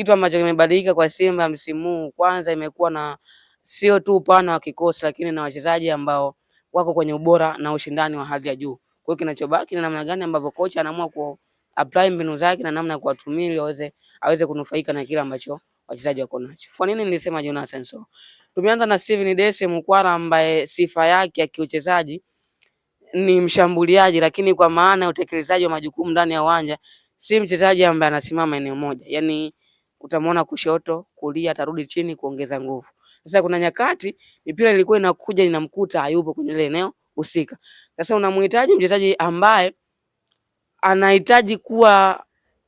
kitu ambacho kimebadilika kwa Simba msimu huu, kwanza imekuwa na sio tu upana wa kikosi, lakini na wachezaji ambao wako kwenye ubora na ushindani wa hali ya juu. Kwa hiyo kinachobaki ni namna gani ambavyo kocha anaamua ku apply mbinu zake na namna ya kuwatumia ili aweze aweze kunufaika na kile ambacho wachezaji wako nacho. Kwa nini nilisema Jonathan so? Tumeanza na Steven Dese Mukwala ambaye sifa yake ya kiuchezaji ni mshambuliaji, lakini kwa maana ya utekelezaji wa majukumu ndani ya uwanja si mchezaji ambaye anasimama eneo moja. Yaani utamwona kushoto, kulia, atarudi chini kuongeza nguvu. Sasa kuna nyakati mipira ilikuwa inakuja inamkuta hayupo kwenye ile eneo husika. Sasa unamhitaji mchezaji ambaye anahitaji kuwa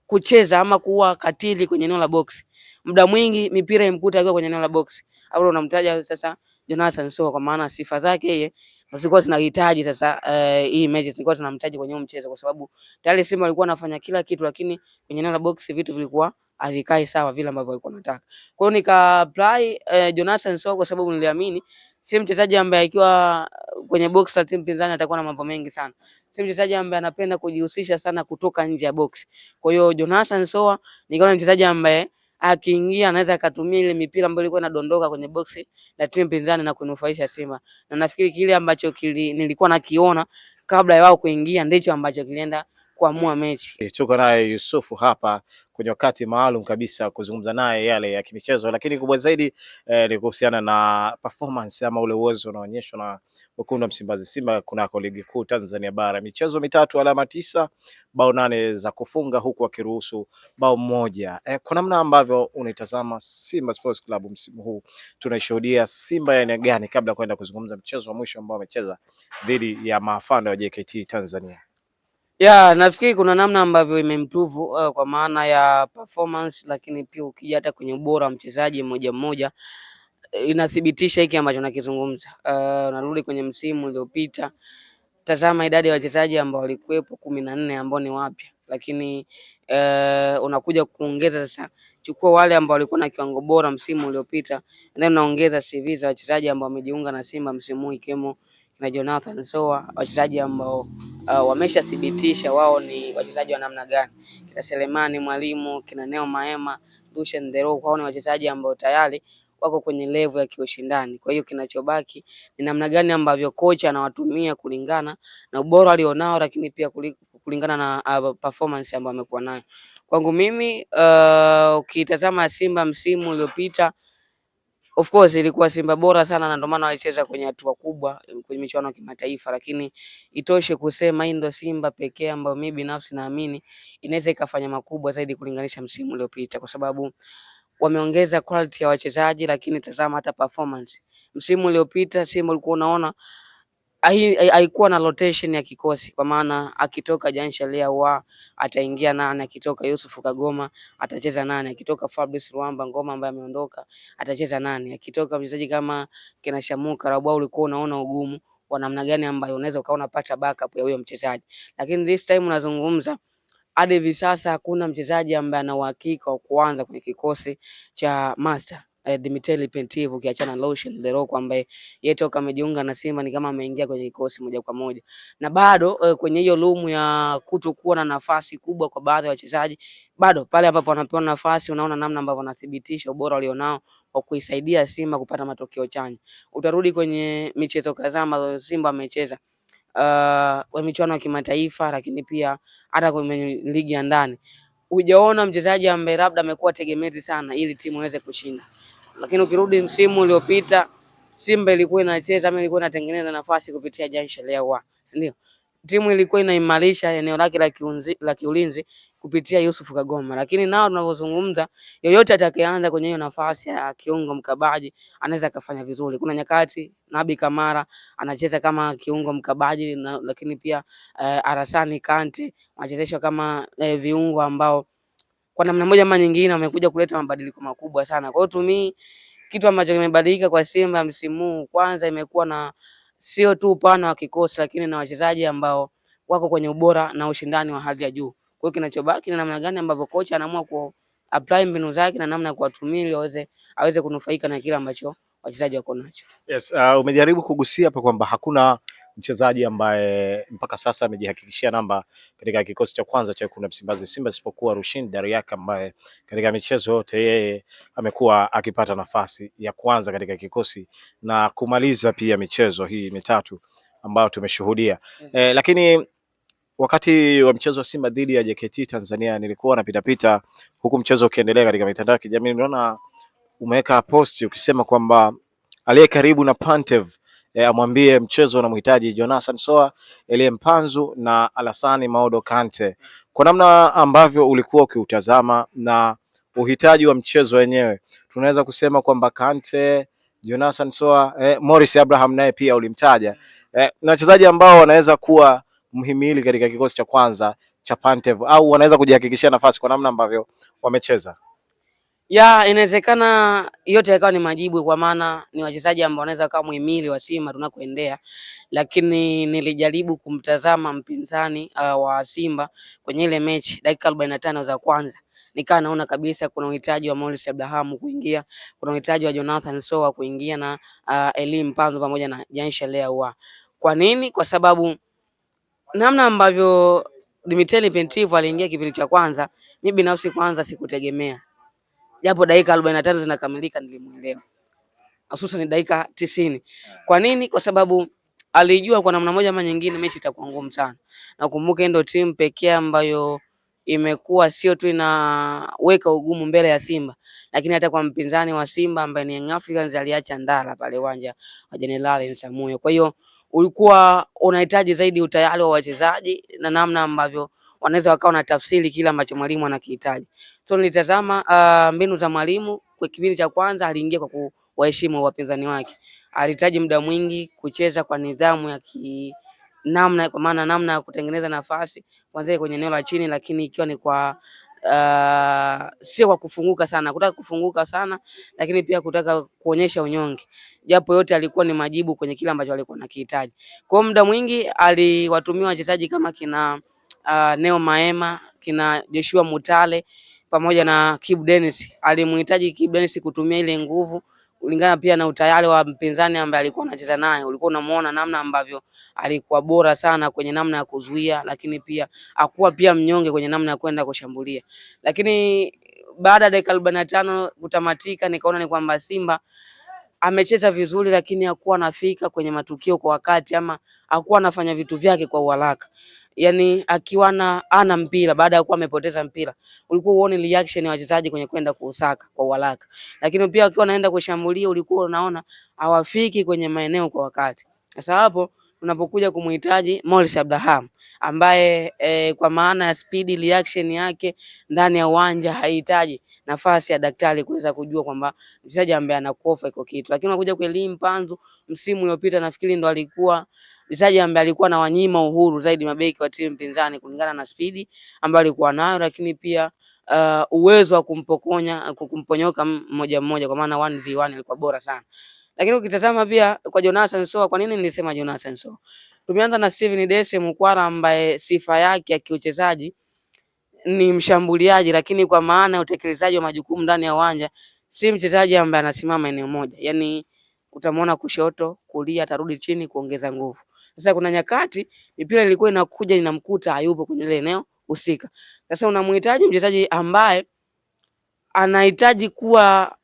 kucheza ama kuwa katili kwenye eneo la box. Muda mwingi mipira imkuta akiwa kwenye eneo la box. Hapo unamtaja sasa Jonathan Soa kwa maana sifa zake yeye tulikuwa tunahitaji sasa uh, hii mechi tulikuwa tunamhitaji kwenye mchezo kwa sababu tayari Simba walikuwa wanafanya kila kitu, lakini kwenye eneo la box vitu vilikuwa havikai sawa vile ambavyo alikuwa anataka. Kwa hiyo nika apply eh, Jonathan Soa kwa sababu niliamini si mchezaji ambaye akiwa kwenye box la timu pinzani atakuwa na mambo mengi sana. Si mchezaji ambaye anapenda kujihusisha sana kutoka nje ya box. Kwa hiyo Jonathan Soa nikaona mchezaji ambaye akiingia anaweza akatumia ile mipira ambayo ilikuwa inadondoka kwenye boksi la timu pinzani na kunufaisha Simba. Na nafikiri kile ambacho kili, nilikuwa nakiona kabla ya wao kuingia ndicho ambacho kilienda kuamua mechi. Eh, tuko naye Yusufu hapa kwenye wakati maalum kabisa kuzungumza naye yale ya kimichezo, lakini kubwa zaidi eh, ni kuhusiana na performance ama ule uwezo unaonyeshwa na wekundu wa Msimbazi Simba kunako ligi kuu Tanzania bara, michezo mitatu, alama tisa, bao nane za kufunga huku akiruhusu bao moja. Eh, kwa namna ambavyo unaitazama Simba Sports Club msimu huu tunaishuhudia Simba ya aina gani, kabla ya kwenda kuzungumza mchezo wa mwisho ambao amecheza dhidi ya maafana wa JKT Tanzania? Yeah, nafikiri kuna namna ambavyo imemprove uh, kwa maana ya performance, lakini pia ukija hata kwenye ubora wa mchezaji mmoja mmoja eh, inathibitisha hiki ambacho nakizungumza. Uh, narudi kwenye msimu uliopita, tazama idadi ya wachezaji ambao walikuwepo kumi na nne ambao ni wapya, lakini uh, unakuja kuongeza sasa chukua wale ambao walikuwa na kiwango bora msimu uliopita, then unaongeza CV za wachezaji ambao wamejiunga na Simba msimu huu ikiwemo kina Jonathan Soa, wachezaji ambao uh, wameshathibitisha wao ni wachezaji wa namna gani, kina Selemani Mwalimu, kina Neo Maema, Lucien Dero, kwao ni wachezaji ambao tayari wako kwenye levu ya kiushindani. Kwa hiyo kinachobaki ni namna gani ambavyo kocha anawatumia kulingana na ubora alionao, lakini pia kulingana na uh, performance ambayo amekuwa nayo. Kwangu mimi uh, ukitazama Simba msimu uliopita Of course ilikuwa Simba bora sana na ndio maana walicheza kwenye hatua kubwa kwenye michuano ya kimataifa, lakini itoshe kusema hii ndio Simba pekee ambayo mimi binafsi naamini inaweza ikafanya makubwa zaidi kulinganisha msimu uliopita, kwa sababu wameongeza quality ya wachezaji, lakini tazama hata performance. Msimu uliopita Simba ulikuwa unaona haikuwa na rotation ya kikosi kwa maana akitoka Jansha Lea wa ataingia nane, akitoka Yusuf Kagoma atacheza nane, akitoka Fabrice Ruamba Ngoma ambaye ameondoka atacheza nane, akitoka mchezaji kama kina Shamuka Rabwa, ulikuwa unaona ugumu wa namna gani ambayo unaweza ukawa unapata backup ya huyo mchezaji, lakini this time unazungumza hadi hivi sasa hakuna mchezaji ambaye ana uhakika wa kuanza kwenye kikosi cha Master eh, Dimitri Pentiv ukiachana na Dero ambaye yeye toka amejiunga na Simba ni kama ameingia kwenye kikosi moja kwa moja, na bado eh, kwenye hiyo lumu ya kutokuwa na nafasi kubwa kwa baadhi ya wachezaji, bado pale ambapo wanapewa nafasi, unaona namna ambavyo wanathibitisha ubora walionao kwa kuisaidia Simba kupata matokeo chanya. Utarudi kwenye michezo kadhaa ambayo Simba amecheza uh, eh, michuano ya kimataifa, lakini pia hata kwenye ligi ya ndani hujaona mchezaji ambaye labda amekuwa tegemezi sana ili timu iweze kushinda. Lakini ukirudi msimu uliopita Simba ilikuwa inacheza ama ilikuwa inatengeneza nafasi kupitia Jean Ahoua, si ndio? timu ilikuwa inaimarisha eneo lake la kiunzi, la kiulinzi kupitia Yusuf Kagoma, lakini nao tunavyozungumza, yoyote atakayeanza kwenye hiyo nafasi ya kiungo mkabaji anaweza akafanya vizuri. Kuna nyakati Nabi Kamara anacheza kama kiungo mkabaji na, lakini pia eh, Arasani Kante anachezeshwa kama eh, viungo ambao kwa namna moja ama nyingine wamekuja kuleta mabadiliko makubwa sana. Kwa hiyo tumii kitu ambacho kimebadilika kwa Simba msimu huu, kwanza imekuwa na sio tu upana wa kikosi, lakini na wachezaji ambao wako kwenye ubora na ushindani wa hali ya juu. Kwa hiyo kinachobaki ni namna gani ambavyo kocha anaamua ku apply mbinu zake na namna ya kuwatumia ili aweze aweze kunufaika na kile ambacho wachezaji wako nacho. Yes, uh, umejaribu kugusia hapa kwamba hakuna mchezaji ambaye mpaka sasa amejihakikishia namba katika kikosi cha kwanza cha kuna Msimbazi Simba, isipokuwa Rushin yake ambaye katika michezo yote yeye amekuwa akipata nafasi ya kwanza katika kikosi na kumaliza pia michezo hii mitatu ambayo tumeshuhudia mm -hmm. lakini wakati wa mchezo wa Simba dhidi ya JKT Tanzania nilikuwa napitapita huku mchezo ukiendelea katika mitandao ya kijamii, niliona umeweka posti ukisema kwamba aliye karibu na Pantev eh, amwambie mchezo unamhitaji Jonathan Soa, Elie Mpanzu na alasani Maodo Kante. Kwa namna ambavyo ulikuwa ukiutazama na uhitaji wa mchezo wenyewe, tunaweza kusema kwamba Kante, Jonathan Soa, eh, Morris Abraham naye pia ulimtaja eh, na wachezaji ambao wanaweza kuwa mhimili katika kikosi cha kwanza cha Pantev au wanaweza kujihakikishia nafasi kwa namna ambavyo wamecheza ya inawezekana yote yakawa ni majibu, kwa maana ni wachezaji ambao wanaweza kuwa muhimili wa Simba tunakoendea, lakini nilijaribu kumtazama mpinzani uh, wa Simba kwenye ile mechi dakika 45 za kwanza nikaa naona kabisa kuna uhitaji wa Morris Abraham kuingia, kuna uhitaji wa Jonathan Soa kuingia na uh, ah, Elim Panzo pamoja na Jansha Lea wa. Kwa nini? Kwa sababu namna ambavyo Dimitri Pentev aliingia kipindi cha kwanza, mimi binafsi kwanza sikutegemea japo dakika arobaini na tano zinakamilika, nilimwelewa hususan dakika tisini. Kwa nini? Kwa sababu alijua kwa namna moja ama nyingine mechi itakuwa ngumu sana. Nakumbuka ndio timu pekee ambayo imekuwa sio tu inaweka ugumu mbele ya Simba, lakini hata kwa mpinzani wa Simba ambaye ni Young Africans aliacha ndala pale uwanja wa Jenerali Samuyo. Kwa hiyo ulikuwa unahitaji zaidi utayari wa wachezaji na namna ambavyo wanaweza wakawa na tafsiri kile ambacho mwalimu anakihitaji. So nilitazama uh, mbinu za mwalimu kwa kipindi cha kwanza, aliingia kwa kuwaheshimu wapinzani wake, alihitaji muda mwingi kucheza kwa nidhamu ya ki namna kwa maana namna ya kutengeneza nafasi kwanza kwenye eneo la chini, lakini ikiwa ni kwa uh, sio kwa kufunguka sana, kutaka kufunguka sana, lakini pia kutaka kuonyesha unyonge, japo yote alikuwa ni majibu kwenye kile ambacho alikuwa anakihitaji. Kwa muda mwingi aliwatumia wachezaji kama kina uh, Neo Maema kina Joshua Mutale pamoja na Kib Dennis. Alimhitaji Kib Dennis kutumia ile nguvu kulingana pia na utayari wa mpinzani ambaye alikuwa anacheza naye. Ulikuwa unamuona namna ambavyo alikuwa bora sana kwenye namna ya kuzuia, lakini pia akuwa pia mnyonge kwenye namna ya kwenda kushambulia. Lakini baada ya dakika arobaini na tano kutamatika, nikaona ni kwamba Simba amecheza vizuri, lakini hakuwa anafika kwenye matukio kwa wakati ama hakuwa anafanya vitu vyake kwa uharaka yani akiwa na ana mpira baada ya kuwa amepoteza mpira, ulikuwa uone reaction ya wachezaji kwenye kwenda kusaka kwa haraka, lakini pia akiwa anaenda kushambulia, ulikuwa unaona hawafiki kwenye maeneo kwa wakati. Sasa hapo unapokuja kumhitaji Morris Abraham ambaye e, kwa maana ya speed reaction yake ndani ya uwanja haihitaji nafasi ya daktari kuweza kujua kwamba mchezaji ambaye anakuofa iko kitu, lakini unakuja kwa Elie Mpanzu msimu uliopita nafikiri ndo alikuwa mchezaji ambaye alikuwa na wanyima uhuru zaidi mabeki wa timu pinzani kulingana na spidi ambayo alikuwa nayo, lakini pia uh, uwezo wa kumpokonya kumponyoka mmoja mmoja, kwa maana 1v1 alikuwa bora sana. Lakini ukitazama pia kwa Jonathan Soa, kwa nini nilisema Jonathan Soa? Tumeanza na Steven Dese Mukwara ambaye sifa yake ya kiuchezaji ni mshambuliaji, lakini kwa maana ya utekelezaji wa majukumu ndani ya uwanja si mchezaji ambaye anasimama eneo moja, yani utamwona kushoto, kulia, atarudi chini kuongeza nguvu. Sasa kuna nyakati mipira ilikuwa inakuja inamkuta hayupo kwenye ile eneo husika. Sasa unamhitaji mchezaji ambaye anahitaji kuwa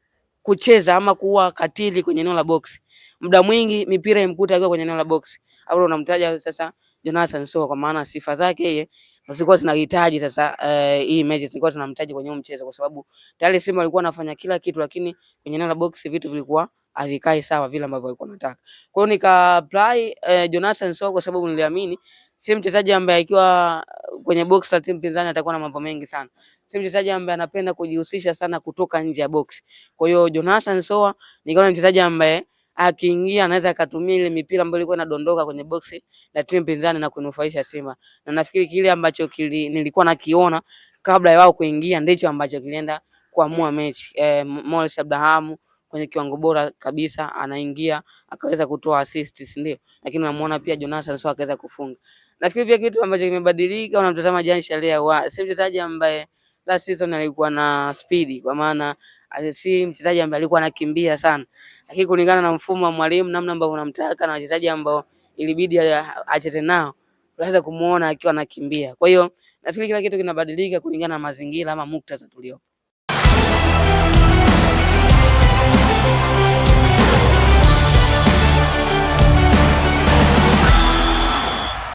kucheza ama kuwa katili kwenye eneo la box. Muda mwingi mipira imkuta akiwa kwenye eneo la box. Au unamtaja sasa Jonathan Soa kwa maana sifa zake yeye zilikuwa zinahitaji sasa uh, hii mechi zilikuwa tunamhitaji kwenye mchezo kwa sababu tayari Simba walikuwa wanafanya kila kitu, lakini kwenye eneo la box vitu vilikuwa havikai sawa vile ambavyo alikuwa anataka. Kwa hiyo nika apply eh, Jonathan Soa kwa sababu niliamini si mchezaji ambaye akiwa kwenye box la timu pinzani atakuwa na mambo mengi sana. Si mchezaji ambaye anapenda kujihusisha sana kutoka nje ya box. Kwa hiyo Jonathan Soa nikaona mchezaji ambaye akiingia anaweza akatumia ile mipira ambayo ilikuwa inadondoka kwenye boksi la timu pinzani na kunufaisha Simba. Na nafikiri kile ambacho kili, nilikuwa nakiona kabla ya wao kuingia ndicho ambacho kilienda kuamua mechi. Eh, Morris Abrahamu kwenye kiwango bora kabisa, anaingia akaweza kutoa assist, si ndio? Lakini unamuona pia Jonathan Sowah akaweza kufunga. Nafikiri pia kitu ambacho kimebadilika, unamtazama Jean Charles wa si mchezaji ambaye last season alikuwa na speed, kwa maana si mchezaji ambaye alikuwa anakimbia sana, lakini kulingana na mfumo wa mwalimu, namna ambavyo unamtaka na wachezaji ambao ilibidi acheze nao, unaweza kumuona akiwa anakimbia. Kwa hiyo nafikiri kila kitu kinabadilika kulingana na mazingira ama muktadha tuliopo.